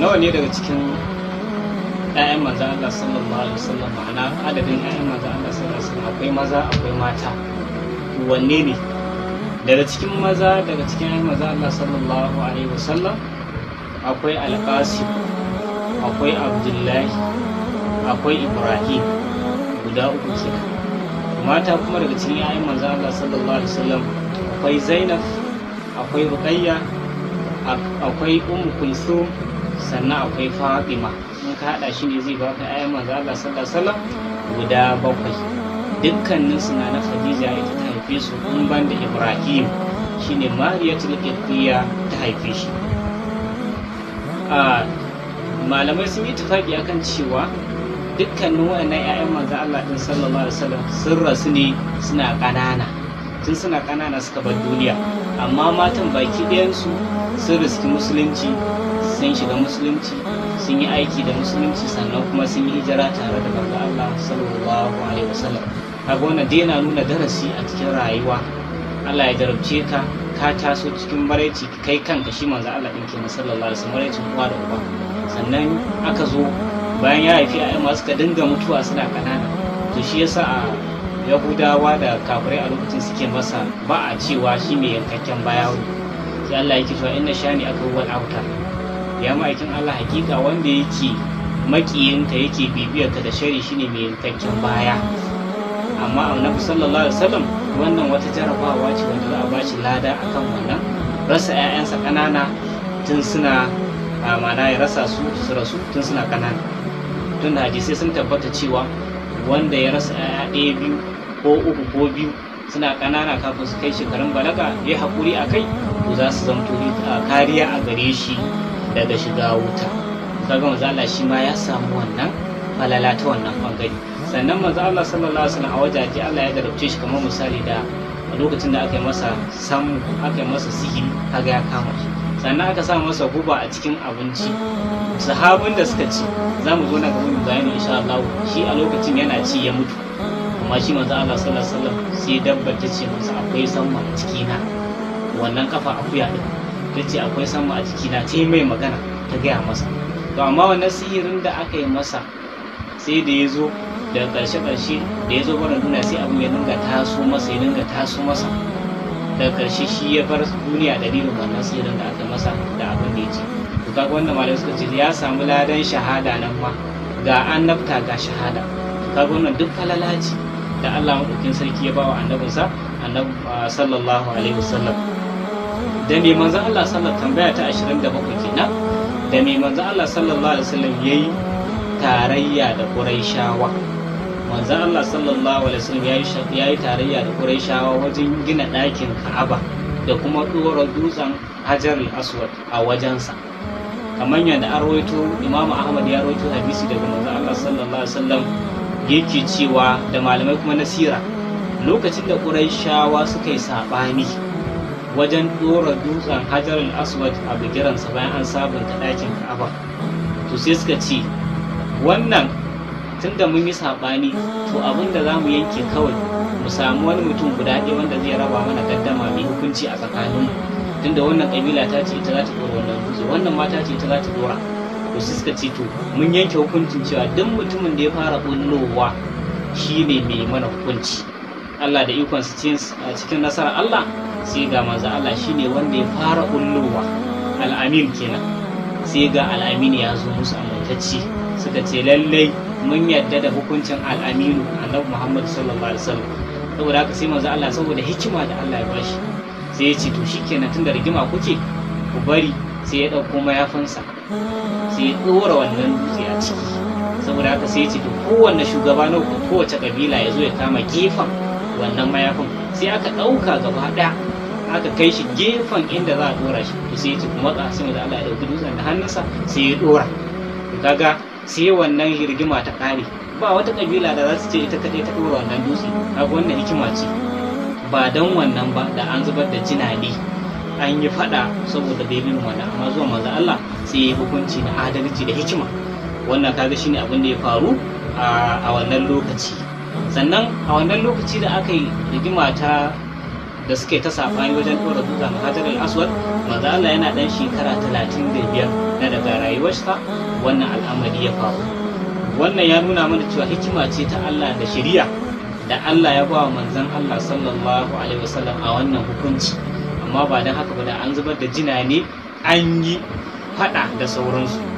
nawa ne daga cikin ƴaƴan manzan Allah sallallahu alaihi wasallam ma'ana adadin 'ya'yan manzan Allah sallallahu alaihi wasallam akwai maza akwai mata wanne ne daga cikin maza daga cikin 'ya'yan manzan Allah sallallahu alaihi wasallam akwai alqasim akwai abdullahi akwai ibrahim guda uku ce mata kuma daga cikin 'ya'yan manzan Allah sallallahu alaihi wasallam akwai zainab akwai ruqayya akwai ummu kulsum sannan akwai fatima in ka haɗa shi ne zai baka 'ya'yan manzo Allah sallallahu alaihi guda bakwai dukkanin su na Khadija ita ta haife su in ban da Ibrahim shine Mariyatul Qibtiyya ta haife shi a malamai sun yi tafaki akan cewa dukkanin waɗannan 'ya'yan manzo Allah din sallallahu alaihi wasallam sun rasu ne suna ƙanana tun suna ƙanana suka bar duniya amma matan baki ɗayansu sun riski musulunci sun shiga musulunci mm. sun yi aiki da musulunci sannan kuma sun yi hijira tare da manzo Allah sallallahu alaihi wasallam kaga wannan dai yana nuna darasi a cikin rayuwa Allah ya jarabce ka ka taso cikin maraici kai kanka shi manzo Allah din kenan sallallahu alaihi wasallam maraicin uwa da uba sannan aka zo bayan ya haifi a masu ka dinga mutuwa suna kanana to shi yasa a yahudawa da kafirai a lokacin suke masa ba a cewa shi mai yankakken baya sai Allah yake cewa inna shani aka wal ya ma'aikin Allah hakika wanda yake makiyinka yake bibiyarka da shari shine mai yankakken baya amma annabi sallallahu alaihi wasallam wannan wata jarabawa ce wanda za a bashi lada akan wannan rasa 'ya'yansa ƙanana tun suna amana ya rasa su su rasu tun suna ƙanana tun da sai sun tabbata cewa wanda ya rasa 'ya'ya ɗaya biyu ko uku ko biyu suna ƙanana kafin su kai shekarun balaga ya haƙuri a kai za su zamto kariya a gare shi daga shiga wuta kaga manzo Allah shi ma ya samu wannan falala ta wannan bangare sannan manzo Allah sallallahu alaihi wasallam a wajaje Allah ya garabce shi kamar misali da a lokacin da aka yi masa sam aka yi masa sihiri kaga ya kama shi sannan aka sa masa guba a cikin abinci sahabin da suka ci za mu zo na gaba mu bayani insha Allah shi a lokacin yana ci ya mutu amma shi manzo Allah sallallahu alaihi wasallam sai dabba ta ce masa akwai sam a ciki na wannan kafa akuya din ta ce akwai sama a jikina ta yi mai magana ta gaya masa to amma wannan sihirin da aka yi masa sai da ya zo da ƙarshe ƙarshe da ya zo barin duniya sai abu ya dinga taso masa ya dinga taso masa da ƙarshe shi ya bar duniya dalilin wannan sihirin da aka masa da abin da ya ce to ga wannan malamai suka ce ya samu ladan shahada nan ma ga annabta ga shahada ga wannan duk falalaci da Allah maɗaukin sarki ya bawa annabinsa annabi sallallahu alaihi wasallam da mai manzan Allah sallar tambaya ta 27 kenan da mai manzan Allah sallallahu alaihi wasallam yayi tarayya da Qurayshawa manzan Allah sallallahu alaihi wasallam yayi tarayya da Qurayshawa wajen gina ɗakin Ka'aba da kuma ɗora dutsen Hajar al-Aswad a wajensa kamar yadda an rawaito Imam Ahmad ya rawaito hadisi daga manzan Allah sallallahu alaihi wasallam yake cewa da malamai kuma nasira lokacin da Qurayshawa suka yi saɓani wajen ɗora dutsen hajarin aswad a bigiransa bayan an sabunta ɗakin ka'aba to sai suka ce wannan tunda mun yi saɓani to abin da za mu yanke kawai mu sami wani mutum guda ɗaya wanda zai raba mana gaddama mai hukunci a tsakaninmu tunda wannan ƙabila ta ce ita za ta ɗora wannan dutse wannan mata ce ita za ta ɗora to sai suka ce to mun yanke hukuncin cewa duk mutumin da ya fara bullowa shine mai mana hukunci Allah da su cikin nasarar Allah sai ga manzo Allah shine wanda ya fara ullowa al'amin kenan sai ga al'amin ya zo musu amintacci suka ce lallai mun yadda da hukuncin al'aminu annabi Muhammad sallallahu alaihi wasallam saboda haka sai manzo Allah saboda hikima da Allah ya bashi sai ya ce to shikenan tunda rigima kuke ku bari sai ya ɗauko mayafinsa sai ya ɗora wannan dutse a ciki saboda haka sai ya ce to kowanne shugaba na kowace kabila ya zo ya kama gefen wannan mayafin sai aka ɗauka gaba ɗaya aka kai shi gefen inda za a dora shi to sai ya ci kuma ka sai Allah ya dauki dutsen da hannunsa sai ya dora kaga sai wannan rigima ta kare ba wata kabila da za su ce ita kadai ta dora wannan dutse kaga wannan hikima ce ba dan wannan ba da an zubar da jinadi an yi fada saboda dalilin wannan amma zuwa manzo Allah sai ya hukunci na adalci da hikima wannan kaga shine abin da ya faru a wannan lokaci sannan a wannan lokaci da aka yi rigima ta da suke ta safani wajen ɗora dutsen hajarin aswad maza Allah yana ɗan shekara talatin da biyar na daga rayuwarsa wannan al'amari ya faru wannan ya nuna mana cewa hikima ce ta Allah da shari'a da Allah ya ba Manzan Allah sallallahu alaihi wasallam a wannan hukunci amma ba don haka ba da an zubar da jina ne an yi faɗa da sauransu